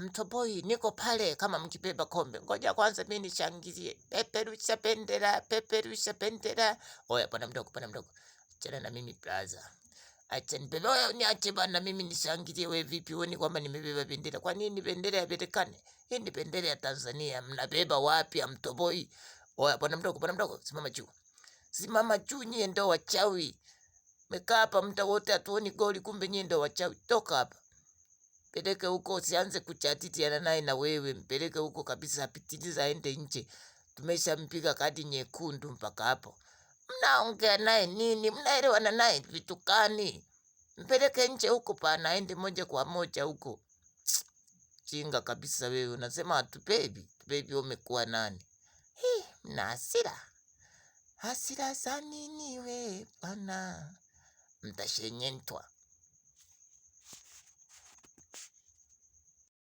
Mtoboi niko pale kama mkibeba kombe. Ngoja kwanza mimi nishangilie. Peperusha bendera, peperusha bendera. Oya bwana mdogo, bwana mdogo. Achana na mimi plaza. Acha nibebe, oya niache bwana mimi nishangilie. Wewe vipi uone kwamba nimebeba bendera? Kwa nini bendera ya Berikani? Hii ni bendera ya Tanzania. Mnabeba wapi ya Mtoboi? Oya bwana mdogo, bwana mdogo, simama juu. Simama juu nyie ndo wachawi. Mekaa hapa mta wote atuoni goli kumbe nyie ndo wachawi. Toka hapa. Mpeleke huko, usianze kuchatitiana naye na wewe, mpeleke huko kabisa, apitiliza aende nje. Tumeshampiga kadi nyekundu mpaka hapo. Mnaongea naye nini? Mnaelewana naye vitu gani? Mpeleke nje huko, pana aende moja kwa moja huko. Chinga kabisa wewe, unasema hatupebi. Bebi, umekuwa nani? Hii, mna hasira. Hasira za nini we bana? Mtashenyentwa.